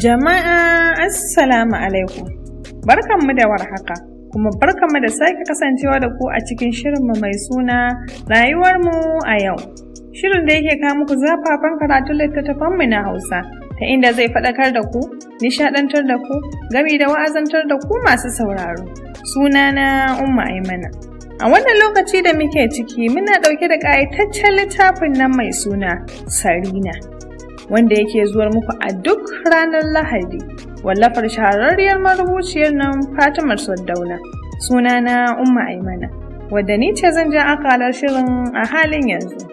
Jama'a Assalamu alaikum. barkan mu da warhaka, kuma barkanmu da sake kasancewa da ku a cikin shirin mu mai suna rayuwarmu a yau. Shirin da yake kawo muku zafafan karatun littattafanmu na Hausa, ta inda zai faɗakar da ku, nishaɗantar da ku, gami da wa'azantar da ku masu sauraro. Sunana Umma Aimana. A wannan lokaci da muke ciki muna ɗauke da ƙayataccen littafin nan mai suna Sarina. wanda yake zuwa muku a duk ranar Lahadi. Wallafar shahararriyar marubuciyar nan Fatimar Saddauna. na Umma Aimana. Wadda ni ce zan ja akalar shirin a halin yanzu.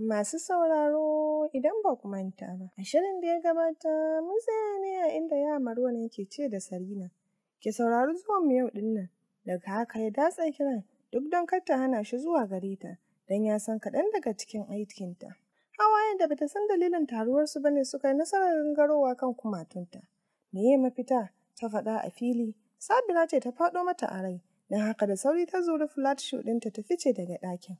Masu sauraro idan ba ku manta ba. A shirin da ya gabata mun tsaya ne a inda ya Marwan yake ce da Sarina. Ki saurari zuwan mu yau din Daga haka ya datsa kiran duk don kar ta hana shi zuwa gare ta don ya san kaɗan daga cikin aikinta. Hawayen da bata san dalilin taruwarsu bane suka yi nasarar gangarowa kan kumatunta. Me ya mafita? Ta faɗa a fili. Sabira ce ta faɗo mata a rai, don haka da sauri ta zuri flat shoe ɗinta ta fice daga ɗakin.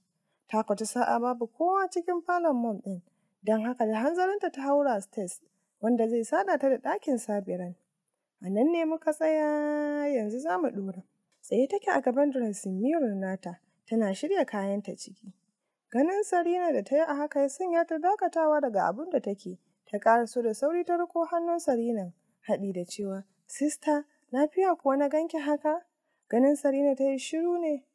Ta kwata sa'a babu kowa cikin falon mom ɗin, don haka da hanzarinta ta haura stairs wanda zai sada ta da ɗakin sabiran. A nan ne muka tsaya yanzu za mu ɗora. Tsaye take a gaban dressing mirror nata tana shirya kayanta ciki. Ganin Sarina da ta yi a haka ya sanya ta dakatawa daga abin da take, ta ƙara so da sauri ta riko hannun Sarina haɗi da cewa, Sista, lafiya kuwa na ganki haka? Ganin Sarina ta yi shiru ne,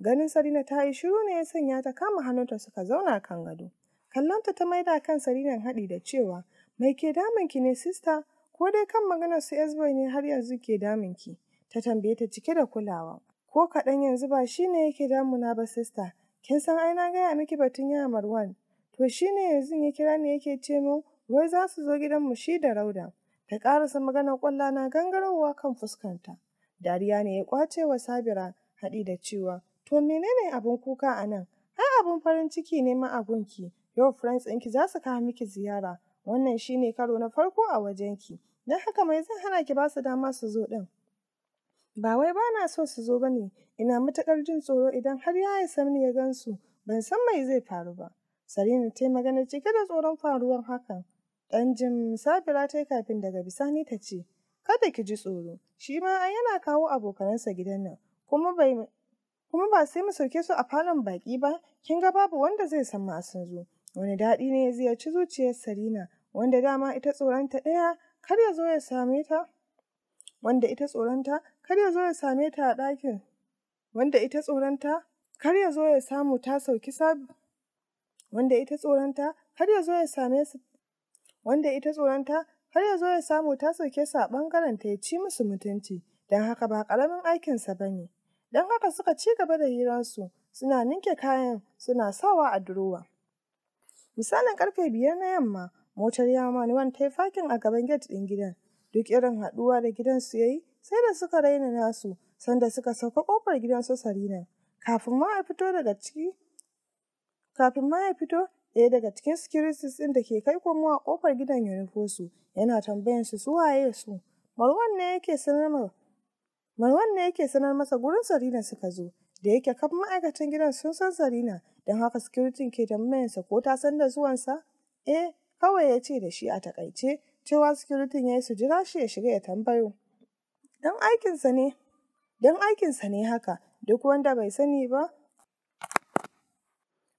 ganin Sarina ta yi shiru ne ya sanya ta kama hannunta suka zauna kan gado. Kallonta ta maida kan Sarinan haɗi da cewa, Mai ke ki ne sista? Ko dai kan maganar su Esboy ne har yanzu ke ki? Ta tambaye ta cike da kulawa. Ko kaɗan yanzu ba shi ne yake damuna ba sista. Kin san ai na gaya miki batun yaya Marwan. To shi ne yanzu ya kira ni yake ce min wai za su zo gidanmu shi da Rauda. Ta ƙarasa maganar ƙwalla na gangarowa kan fuskanta. Dariya ne ya ƙwace wa Sabira haɗi da cewa, To menene abin kuka a nan? Ai abin farin ciki ne ma gunki Your friends ɗinki za su kawo miki ziyara. Wannan shi ne karo na farko a wajenki. Don haka mai zai hana ki ba su dama su zo ɗin? Ba wai ba na so su zo ba ne, ina matuƙar jin tsoro idan har ya Samni ya gan su, ban san mai zai faru ba. Sarina ta yi magana cike da tsoron faruwar hakan. Ɗan jin ta yi kafin daga bisani ta ce, Kada ki ji tsoro, shi ma yana kawo abokanansa gidan nan, kuma bai kuma ba sai mu sauke su a falon baƙi ba, kin ga babu wanda zai san ma sun zo. Wani daɗi ne ya ziyarci zuciyar Sarina, wanda dama ita tsoronta ɗaya kar ya zo ya same ta. Wanda ita tsoronta kar ya zo ya same ta a ɗakin. Wanda ita tsoronta kar ya zo ya samu ta sauki sabi. Wanda ita tsoronta kar ya zo ya same su. Wanda ita tsoronta kar ya zo ya samu ta sauke su a ɓangaren ta ya ci musu mutunci. Don haka ba ƙaramin aikinsa ba ne. Don haka suka ci gaba da hiransu suna ninke kayan suna sawa a durowa. Misalin karfe biyar na yamma, motar Yaman wanda ta yi fakin a gaban gate ɗin gidan. Duk irin haɗuwa da gidansu ya yi, sai da suka raina nasu, sanda suka sauka ƙofar gidan su Sarina. Kafin ma a fito daga ciki, kafin ma ya fito, ɗaya daga cikin securities ɗin da ke kai komo a ƙofar gidan ya nufo su, yana tambayan su su waye su. Marwan ne yake sanar Marwan ne yake sanar masa gurin Sarina suka zo. da yake kan ma'aikatan gidan sun san Zarina don haka sikiritin ke mayansa ko ta san da zuwansa? Eh, kawai ya ce da shi a takaice cewa sikiritin ya yi su jira shi ya shiga ya tambayo. Don aikinsa ne, don aikinsa ne haka duk wanda bai sani ba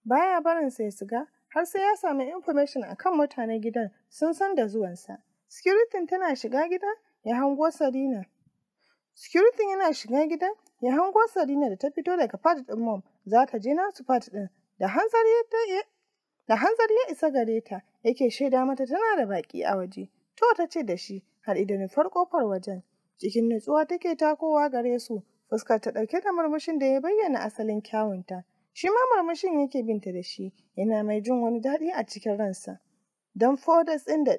baya barin sai siga har sai ya sami information akan mutanen gidan sun san da zuwansa. Sikiritin tana shiga gida ya hango Sarina. Sikiritin yana shiga gidan ya hango Sarina da ta fito daga fat ɗin mom za ta je nasu fat ɗin da hanzari ya isa gare ta yake shaida mata tana da baki a waje to ta ce da shi har idan farko far wajen cikin nutsuwa take takowa gare su fuskar ta ɗauke da murmushin da ya bayyana asalin kyawunta shi ma murmushin yake binta da shi yana mai jin wani daɗi a cikin ransa don fodas ɗin da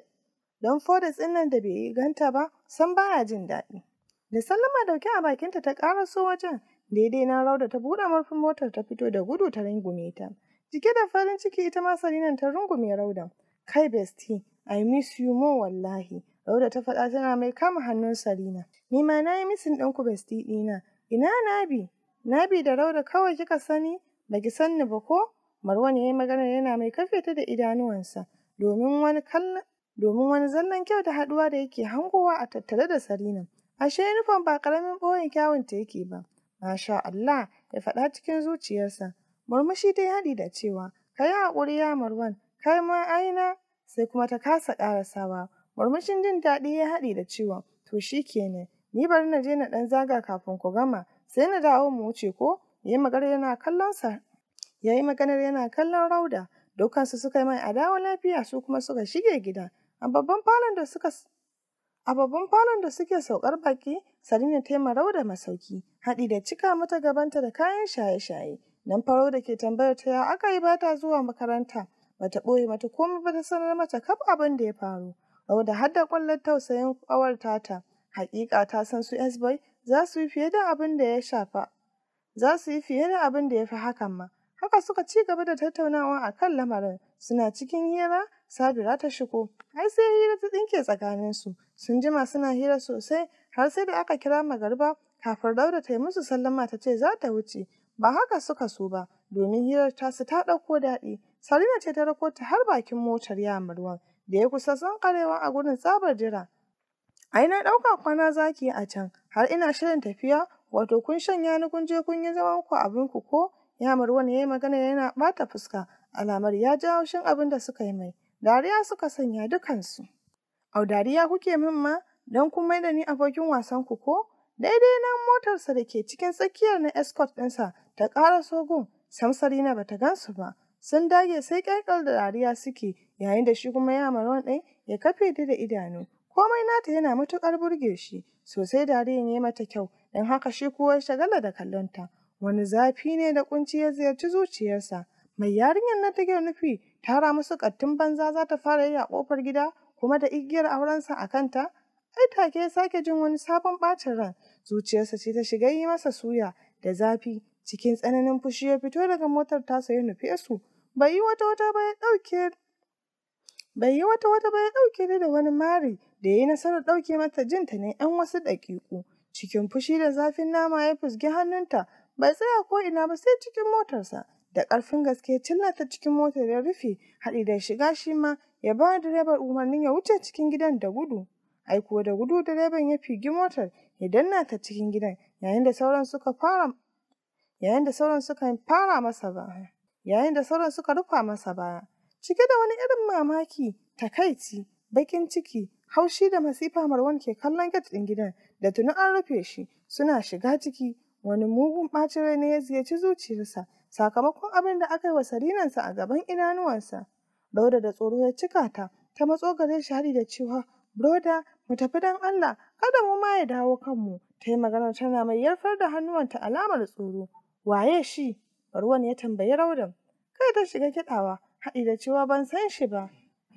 don fodas nan da bai ganta ba san baya jin daɗi Da sallama dauke a bakinta ta karaso wajen, daidai na rauda ta buɗe murfin motar ta fito da gudu ta rungume ta. Jike da farin ciki ita ma Salinan ta rungume Rauda. Kai besti, I miss you more wallahi. Rauda ta faɗa tana mai kama hannun Sarina. Ni ma na yi misin ɗinku besti ɗina. Ina Nabi? Nabi da Rauda kawai kika sani? Baki ki san ni ba ko? Marwan ya yi magana yana mai kafe ta da idanuwansa. Domin wani kallon domin wani zallan kyau da haɗuwa da yake hangowa a tattare da sarinan Ashe yunifom ba karamin ƙaramin kyawun ta yake ba. Masha Allah, ya faɗa cikin zuciyarsa. Murmushi dai haɗi da cewa, ka yi haƙuri ya Marwan, kai ma aina. Sai kuma ta kasa ƙarasawa. Murmushin jin daɗi ya haɗi da cewa, to shi kenan, ni bari na je na ɗan zaga kafin ku gama, sai na dawo mu wuce ko? Ya yi maganar yana kallon sa. yayi yana kallon Rauda. Dukansu suka yi mai adawa lafiya su kuma suka shige gida. A babban falon da suka A babban falon da suke saukar baki, Sarina ta yi da masauki, haɗi da cika mata gabanta da kayan shaye-shaye. Nan farau da ke tambayar ta ya aka yi bata zuwa makaranta, bata ɓoye mata komai ba sanar mata kaf abin da ya faru. Rauda har da ƙwallon tausayin kawar tata, haƙiƙa ta san su S-boy za su yi fiye da abin da ya shafa. Za su yi fiye da abin da ya fi hakan ma. Haka suka ci gaba da tattaunawa akan lamarin, suna cikin hira Sabira ta shigo, ai sai hira ta tsinke tsakaninsu, sun jima suna hira sosai har sai da aka kira magarba kafin Dauda ta yi musu sallama ta ce za ta wuce, ba haka suka so ba, domin hirar ta su ta ɗauko daɗi. Salina ce ta rako ta har bakin motar yamarwan da ya kusa karewa a gurin tsabar jira. Ai na ɗauka kwana zaki a can, har ina shirin tafiya, wato kun shanya ni kun je kun yi zaman ku abin ku ko? ne ya yi magana yana bata fuska, Alamar ya ji haushin abin da suka yi mai, dariya suka sanya dukansu. Au dariya kuke min ma, don kun mai da ni abokin wasan ku ko? Daidai na motarsa da ke cikin tsakiyar na escort ɗinsa ta ƙara sogun, samsari na bata gansu ba. Sun dage sai ƙarƙar da dariya suke, yayin da shi kuma ya maron ɗin ya kafe ta da idanu. Komai nata yana matuƙar burge shi, sosai dariya ne mata kyau, don haka shi kuwa shagala da kallonta. Wani zafi ne da kunci ya ziyarci zuciyarsa, Mai yarinyar na take nufi tara musu kattun banza za ta fara yi a kofar gida kuma da igiyar aurensa a kanta? Ai take ya sake jin wani sabon bacin ran. Zuciyarsa ce ta shiga yi masa suya da zafi cikin tsananin fushi ya fito daga motar tasa ya nufi su. Bai yi wata wata ba ya bai yi wata wata ba ya ɗauke da wani mari da ya yi nasarar dauke mata jin ta ne 'yan wasu dakiku Cikin fushi da zafin nama ya fusgi hannunta bai tsaya ko ina ba sai cikin motarsa da ƙarfin gaske cilla ta cikin motar ya rufe haɗi da shiga shi ma ya ba direban umarnin ya wuce cikin gidan da gudu. Aiko da gudu direban ya figi motar ya danna ta cikin gidan yayin da sauran suka fara yayin da sauran suka fara masa baya. Yayin da sauran suka rufa masa baya. Cike da wani irin mamaki, takaici, bakin ciki, haushi da masifa Marwan ke kallon gate ɗin gidan da tuni an rufe shi suna shiga ciki wani mugun ɓacin rai ne ya ziyarci zuciyarsa sakamakon abin da aka yi wa sarinansa a gaban idanuwansa. Dauda da tsoro ya cika ta, ta matso gare shi haɗi da cewa, Broda, mu tafi dan Allah, kada mu ma ya dawo kanmu. Ta yi magana tana mai yarfar da hannuwanta alamar tsoro. Waye shi? Ruwan ya tambayi Raudan. Kai ta shiga kiɗawa, haɗi da cewa ban san shi ba.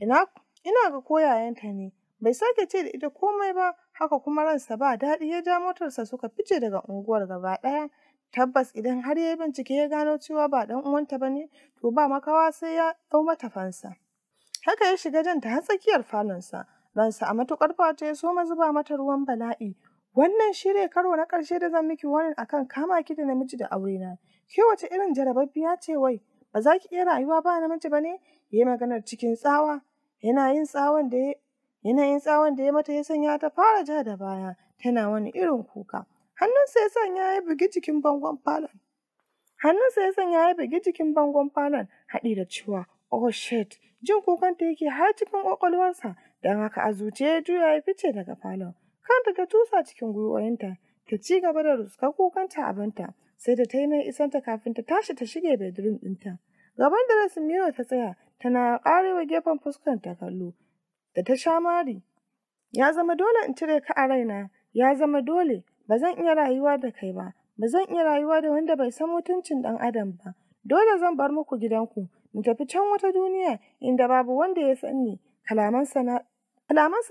Ina ina ga koyayenta ne. Bai sake ce da ita komai ba, haka kuma ransa ba daɗi ya ja motarsa suka fice daga unguwar gaba ɗaya. Tabbas idan har ya yi bincike ya gano cewa ba dan uwanta ba ne, to ba makawa sai ya ɗau mata fansa. Haka ya shiga jan ta tsakiyar falonsa, ransa a matukar fata ya so zuba mata ruwan bala'i. Wannan shirya karo na ƙarshe da zan miki wani akan kama ki da namiji da aure na. Ke wace irin jarababbiya ce wai? Ba za ki iya rayuwa ba namiji ba ne? Ya maganar cikin tsawa. Yana yin tsawon da ya Yanayin tsawon da ya mata ya sanya ta fara ja da baya, tana wani irin kuka. Hannunsa ya sanya ya bugi jikin bangon falon. Hannunsa ya sanya ya bugi jikin bangon falon haɗi da cewa oh shit jin kukan ta yake har cikin kwakwalwarsa, don haka a zuciya ya juya ya fice daga falon. Kanta ta tusa cikin gwiwoyinta ta ci gaba da ruskar kukanta abinta sai da ta yi mai isanta kafin ta tashi ta shige bedroom ɗinta. Gaban da Rasimiro ta tsaya tana karewa gefen ta kallo da ta sha mari. Ya zama dole in cire ka a raina, ya zama dole ba zan iya rayuwa da kai ba, ba zan iya rayuwa da wanda bai san mutuncin ɗan adam ba. Dole zan bar muku gidanku, in tafi can wata duniya inda babu wanda ya san ni. Kalamansa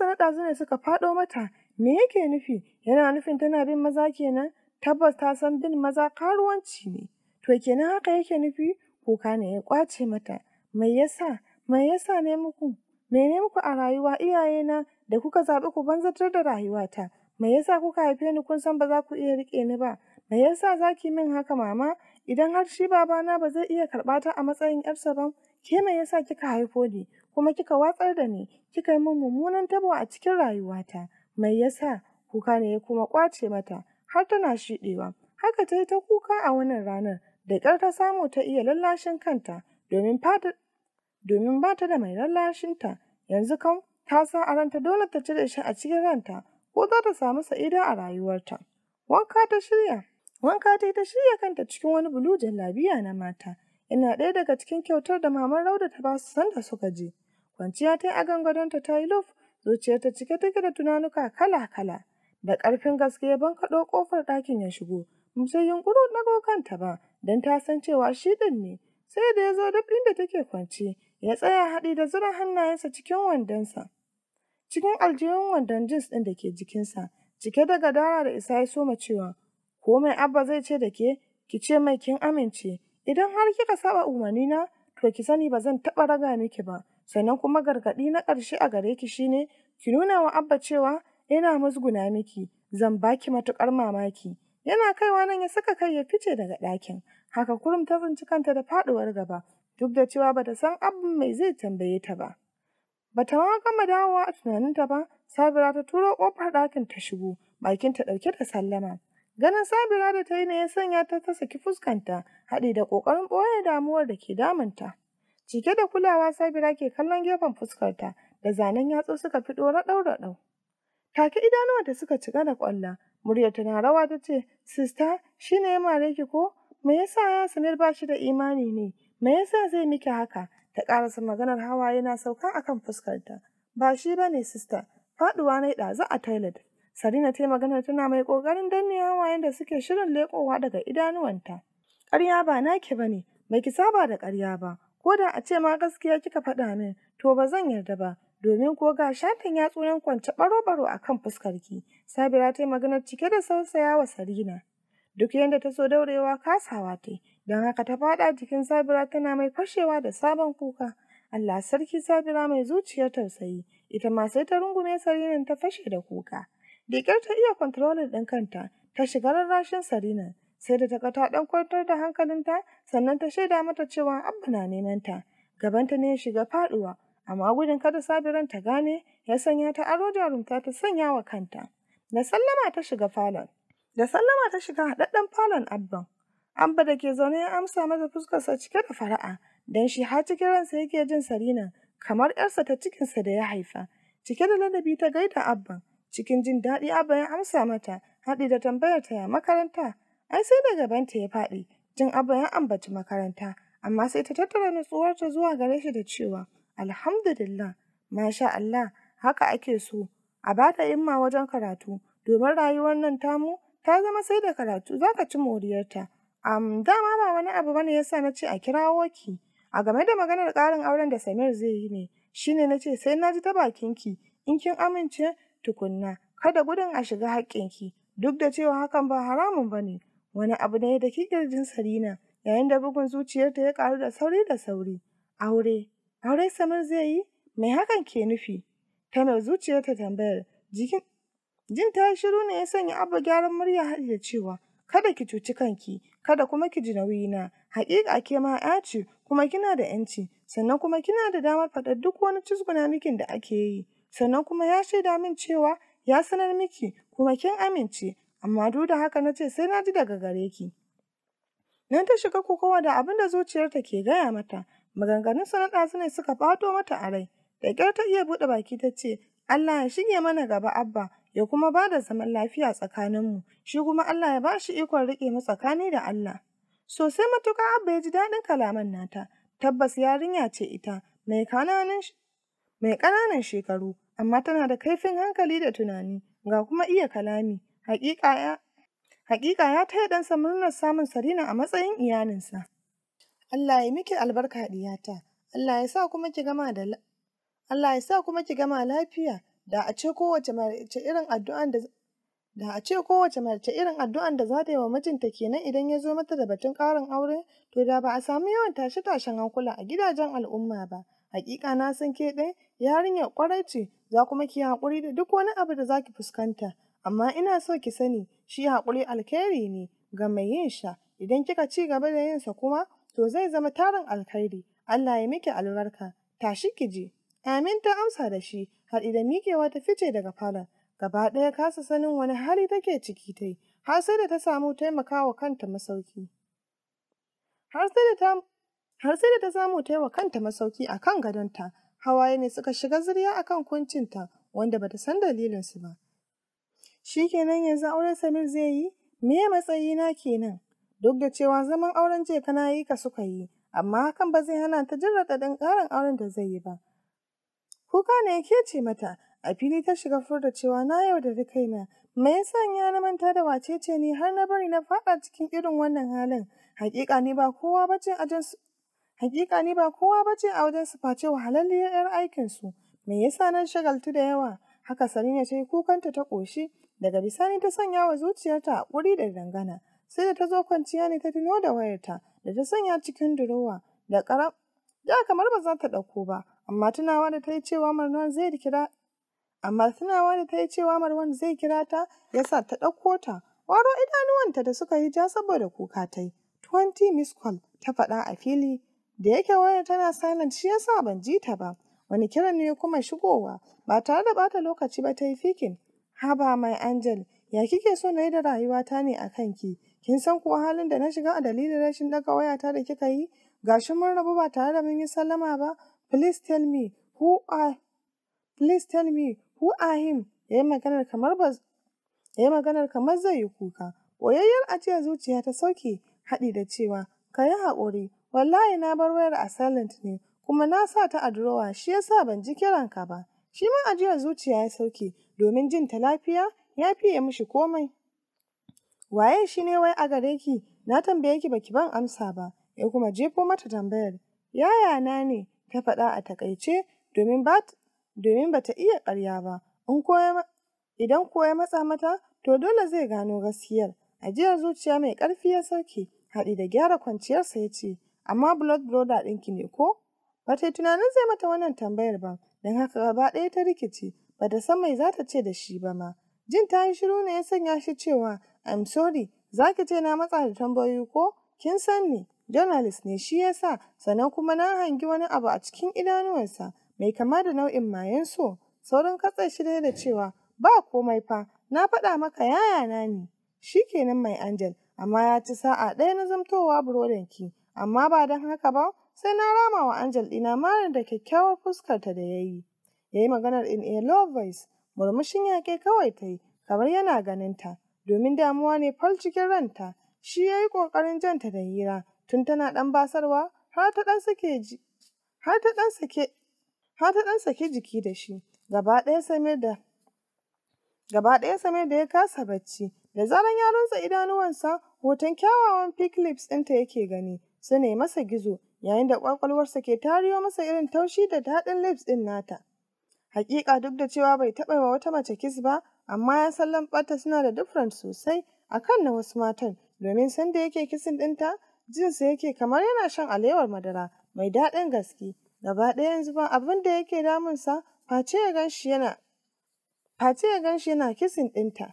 na ɗazu ne suka faɗo mata, me yake nufi? Yana nufin tana bin maza kenan? Tabbas ta san bin maza karuwanci ne. To kenan haka yake nufi? Kuka ne ya ƙwace mata. Mai yasa? Mai yasa ne muku? Mene muku a rayuwa iyayena da kuka zaɓi ku banzatar da rayuwata? me yasa kuka haife ni kun san ba za ku iya riƙe ni ba me yasa za ki min haka mama idan har shi babana ba zai iya karɓa ta a matsayin yarsa ba ke me yasa kika haifo ni kuma kika watsar da ni kika yi min mummunan tabo a cikin rayuwata me yasa kuka ne ya kuma kwace mata har tana shiɗewa haka ta yi ta kuka a wannan ranar da ƙyar ta samu ta iya lallashin kanta domin fata domin ba ta da mai lallashinta yanzu kam ta sa a ranta dole ta cire shi a cikin ranta ko za ta samu sa'ida a rayuwarta. Wanka ta shirya. Wanka ta yi ta shirya kanta cikin wani bulu jallabiya na mata. Ina ɗaya daga cikin kyautar da maman Rauda ta ba su sanda suka je. Kwanciya ta yi a gangadonta ta yi lof, zuciyarta cike take da tunanuka kala-kala. Da ƙarfin gaske ban kaɗo ƙofar ɗakin ya shigo. Sai yunƙuru go kanta ba, don ta san cewa shi ɗin ne. Sai da ya zo duk inda take kwance, ya tsaya haɗi da zura hannayensa cikin wandonsa. Cikin aljihun wandon jins ɗin da ke jikinsa, cike da gadara da isa ya soma cewa, komai abba zai ce da ke, ki ce mai kin amince, idan har kika saba umarni na, to ki sani ba zan taɓa raga miki ba, sannan kuma gargaɗi na ƙarshe a gare ki shine, ki nuna wa abba cewa ina musguna miki, zan baki matuƙar mamaki. Yana kaiwa nan ya saka kai ya fice daga ɗakin, haka kurum ta tsinci kanta da faɗuwar gaba, duk da cewa bata san abin mai zai tambaye ta ba. Bata ma gama dawowa a tunaninta ba, Sabira ta turo ƙofar ɗakin ta shigo, bakinta ɗauke da sallama. Ganin Sabira da ta yi ne ya sanya ta ta saki fuskanta, haɗe da ƙoƙarin ɓoye damuwar da ke damunta. Cike da kulawa Sabira ke kallon gefen fuskarta da zanen yatsu suka fi ɗora ɗau-ɗau. da Take idanuwa da suka cika da ƙwalla, muryar na rawa ta ce, Sista, shine ya mare ki ko? Me yasa ya Samir ba shi da imani ne? Me yasa zai miki haka? ta karasa maganar hawaye na sauka a akan fuskarta ba shi ba ne, sista Faɗuwa na ɗazu a toilet sarina ta yi maganar tana mai kokarin danne hawayen da suke shirin lekowa daga idanuwanta ƙarya ba naki ne, mai ki saba da ƙarya ba ko da a ce ma gaskiya kika faɗa min to ba zan yarda ba domin ko ga shafin yatsunan kwance baro-baro a kan fuskarki. Sabira ta yi maganar cike da sausaya wa Sarina. Duk yadda ta so daurewa kasawa ta Don haka ta faɗa jikin Sabira tana mai fashewa da sabon kuka. Allah sarki Sabira mai zuciyar tausayi, ita ma sai ta rungume sarinan ta fashe da kuka. Da ta iya kwantarolin ɗin kanta, ta shiga rarrashin Sarinan, Sai da ta kata ɗan kwantar da hankalinta, sannan ta shaida mata cewa abu na neman ta. Gabanta ne ya shiga faɗuwa, amma gudun kada Sabiran ta gane, ya sanya ta aro jarumta ta sanya wa kanta. Da sallama ta shiga falon. Da sallama ta shiga haɗaɗɗen falon Abban. Amba da ke zaune ya amsa mata fuskarsa cike da fara'a, don shi har cikin ransa yake jin Sarina kamar ‘yarsa ta cikinsa da ya haifa. Cike da ladabi ta gaida abba cikin jin daɗi Abba ya amsa mata, haɗi da tambayar ta ya makaranta. Ai sai da gabanta ya faɗi, jin Abba ya ambaci makaranta, amma sai ta tattara nutsuwarta zuwa gare shi da cewa, Alhamdulillah, masha Allah, haka ake so, a bata imma wajen karatu, domin rayuwar nan tamu ta zama sai da karatu za ka ci moriyarta. Am dama ba wani abu bane yasa na ce a kirawo ki. A game da maganar ƙarin auren da Samir zai yi ne, shine na ce sai na ji ta bakin ki, in kin amince tukunna, kada gudun a shiga haƙƙin ki, duk da cewa hakan ba haramun bane. Wani abu ne da kirjin Sarina, yayin da bugun zuciyarta ya ƙaru da sauri da sauri. Aure, aure Samir zai yi? Mai hakan ke nufi? Ta mai zuciyarta tambayar, jikin Jin ta shiru ne ya sanya abu gyaran murya har da cewa, kada ki cuci kanki, kada kuma ki ji nauyi na haƙiƙa ke ma ya ce kuma kina da yanci sannan kuma kina da damar faɗar duk wani cizguna mikin da ake yi sannan kuma ya shaida min cewa ya sanar miki kuma kin amince amma duk da haka na ce sai na ji daga gare ki nan ta shiga kowa da abin da zuciyarta ke gaya mata maganganun na su ne suka fato mata a rai da ƙyar ta iya buɗe baki ta ce Allah ya shige mana gaba abba ya kuma ba da zaman lafiya tsakaninmu, shi kuma Allah ya ba shi ikon riƙe mu tsakani da Allah. Sosai matuƙa Abba ya ji daɗin kalaman nata, tabbas yarinya ce ita, mai ƙananan shekaru, amma tana da kaifin hankali da tunani, ga kuma iya kalami, haƙiƙa ya Hakika ya taya ɗansa murnar samun Sarina a matsayin iyalinsa. Allah ya miki albarka diyata, Allah ya Allah ya sa kuma ki gama lafiya, da a ce kowace mace irin addu'an da da za ta yi wa mijinta kenan idan ya zo mata da batun ƙarin aure to da ba a samu yawan tashe-tashen hankula a gidajen al'umma ba hakika na san ke ɗai yarinyar ƙwarai ce za kuma ki haƙuri da duk wani abu da za ki fuskanta amma ina so ki sani shi haƙuri alkhairi ne ga mai yin sha idan kika ci gaba da yinsa kuma to zai zama tarin alkhairi Allah ya miki albarka tashi ki je Aminta amsa da shi haɗi da miƙewa ta fice daga falon gaba ɗaya kasa sanin wani hali take ciki ta yi har sai da ta samu taimakawa kanta masauki har sai da ta samu taimakawa kanta masauki a kan gadonta hawaye ne suka shiga zirya a kan kuncinta wanda bata san dalilinsu ba shi kenan yanzu auren samir zai yi me matsayi matsayina kenan duk da cewa zaman auren jeka na, yi ka suka yi amma hakan ba zai hana ta jin raɗaɗin ƙarin auren da zai yi ba Kuka ne ya ce mata, a fili ta shiga furta cewa na yau yaudari kaina. Me ya na manta da wacece ni har na bari na fada cikin irin wannan halin? Hakika ni ba kowa bace a Hakika ni ba kowa bace a wajen su face wahalalliyar 'yar aikinsu. Me yasa na shagaltu da yawa? Haka Sarina ta kukanta ta koshi daga bisani ta sanya wa zuciyarta kuri da dangana. Sai da ta zo kwanciya ne ta tuno da wayarta da ta sanya cikin durowa da karam. Ya kamar ba za ta dauko ba, amma tunawa da ta yi cewa Marwan zai kira amma tunawa da ta yi cewa Marwan zai kira ta yasa ta ɗauko ta waro idanuwanta da suka yi ja saboda kuka ta yi twenty miss call ta faɗa a fili da yake wayar tana silent shi yasa ban ji ta ba wani kiran ne kuma shigowa ba tare da bata lokaci ba ta yi fikin haba mai angel ya kike so na yi da rayuwata ne a kanki kin san kuwa halin da na shiga a dalilin rashin daga wayata da kika yi gashi mun rabu ba tare da mun yi sallama ba Please tell me who I please tell me who I am. Yayi maganar kamar ba yayi maganar kamar zai yi kuka. Oyayyar ajiyar zuciya ta sauke haɗi da cewa ka yi haƙuri wallahi na bar wayar a silent ne kuma na sa ta a durowa shi yasa ban ji kiran ka ba. Shi ma ajiyar zuciya ya sauke domin jin ta lafiya ya fiye mishi komai. Waye shi ne wai a gare ki? Na tambaye ki baki ban amsa ba. Ya kuma jefo mata tambayar. Yaya na ne? ta faɗa a takaice domin ba domin bata iya ƙarya ba. In idan ko ya matsa mata to dole zai gano gaskiyar. Ajiyar zuciya mai ƙarfi ya sauke haɗi da gyara kwanciyarsa ya ce amma blood brother ɗinki ne ko? Bata yi tunanin zai mata wannan tambayar ba don haka gaba ɗaya ta rikice bata san mai zata ce da shi ba ma. Jin ta yi shiru ne ya sanya shi cewa I'm sorry za ki ce na matsa da tambayoyi ko? Kin san ni? journalist ne shi ya sa, sannan kuma na hangi wani abu a cikin idanuwansa mai kama da nau'in mayen so saurin katse shi da cewa ba komai fa na faɗa maka yaya na ne Shi kenan mai angel amma ya ci sa'a ɗaya na zamtowa ki. amma ba don haka ba sai na rama wa angel ɗina marar da kyakkyawar fuskarta da ya yi ya yi maganar in a low voice murmushin yaƙe kawai ta yi kamar yana ganin ta. domin damuwa ne fal cikin ranta shi ya yi ƙoƙarin janta da hira tun tana ɗan basarwa har ta ɗan sake ji jiki da shi gaba ɗaya same da ya kasa bacci da zaran ya runtse idanuwansa hoton kyawawan clips ɗinta yake gani su ne masa gizo yayin da ƙwaƙwalwarsa ke tariyo masa irin taushi da daɗin lips ɗin nata hakika duk da cewa bai taɓa wa wata mace kis ba amma ya san lambarta suna da different sosai akan na wasu matan domin sanda yake kisin ɗinta jinsa yake kamar yana shan alewar madara mai daɗin gaske gaba ɗaya yanzu ba abin da yake damunsa face ya ganshi yana face ya shi yana kisin ɗinta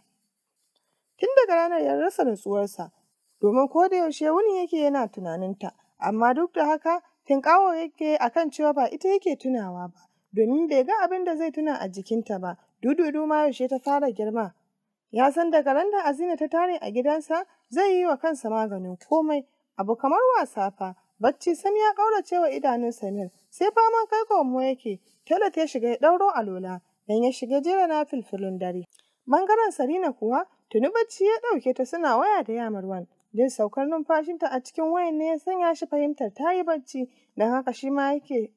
tun daga ranar ya rasa nutsuwarsa domin ko da yaushe wuni yake yana tunaninta amma duk da haka kawo yake akan cewa ba ita yake tunawa ba domin bai ga abin da zai tuna a jikinta ba dududu ma yaushe ta fara girma ya san daga ran da azina ta tare a gidansa zai yi wa kansa maganin komai Abu kamar wasa fa, bacci sam ya ƙaurace wa idanun Samir, sai faman kai mu yake, Talat ya shiga ya ɗauro alola, dan ya shiga jera na filfilun dare. Bangaren Sarina kuwa, tuni bacci ya ɗauke ta suna waya da yamarwan. din saukar numfashinta a cikin wayan ne ya sanya shi fahimtar ta yi bacci, don haka shi ma yake,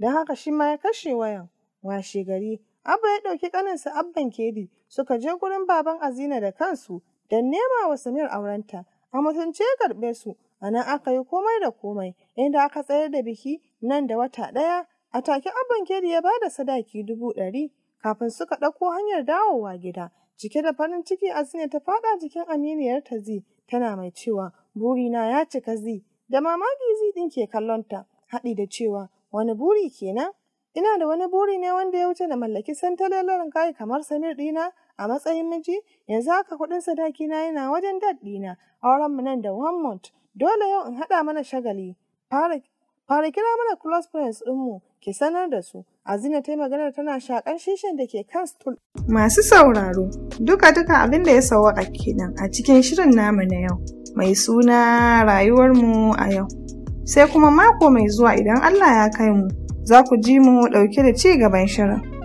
dan haka shi ma ya kashe wayan. Washe gari, Abba ya ɗauki ƙaninsa Abban Kedi suka je gurin baban Azina da kansu dan nema wa Samir aurenta. A mutunce ya karɓe su, A nan aka yi komai da komai, inda aka tsayar da biki nan da wata ɗaya, a take abban Keri ya ba da sadaki dubu ɗari kafin suka ɗauko hanyar dawowa gida. Cike da farin ciki Azine ta faɗa jikin aminiyar ta Zi tana mai cewa burina ya cika Zi da mamaki Zi ɗin ke ta." haɗi da cewa wani buri kenan? Ina da wani buri ne wanda ya wuce da mallaki santalalan kai kamar Samir ɗina a matsayin miji yanzu haka kuɗin sadaki na yana wajen dad ɗina auren mu nan da one month dole yau in haɗa mana shagali fara fara kira mana close friends ɗinmu ki sanar da su azina ta yi maganar tana shakan shishin da ke kan stool masu sauraro duka duka abin da ya sawaka kenan a cikin shirin namu na yau mai suna rayuwar mu a yau sai kuma mako mai zuwa idan allah ya kai mu za ku ji mu ɗauke da ci gaban shirin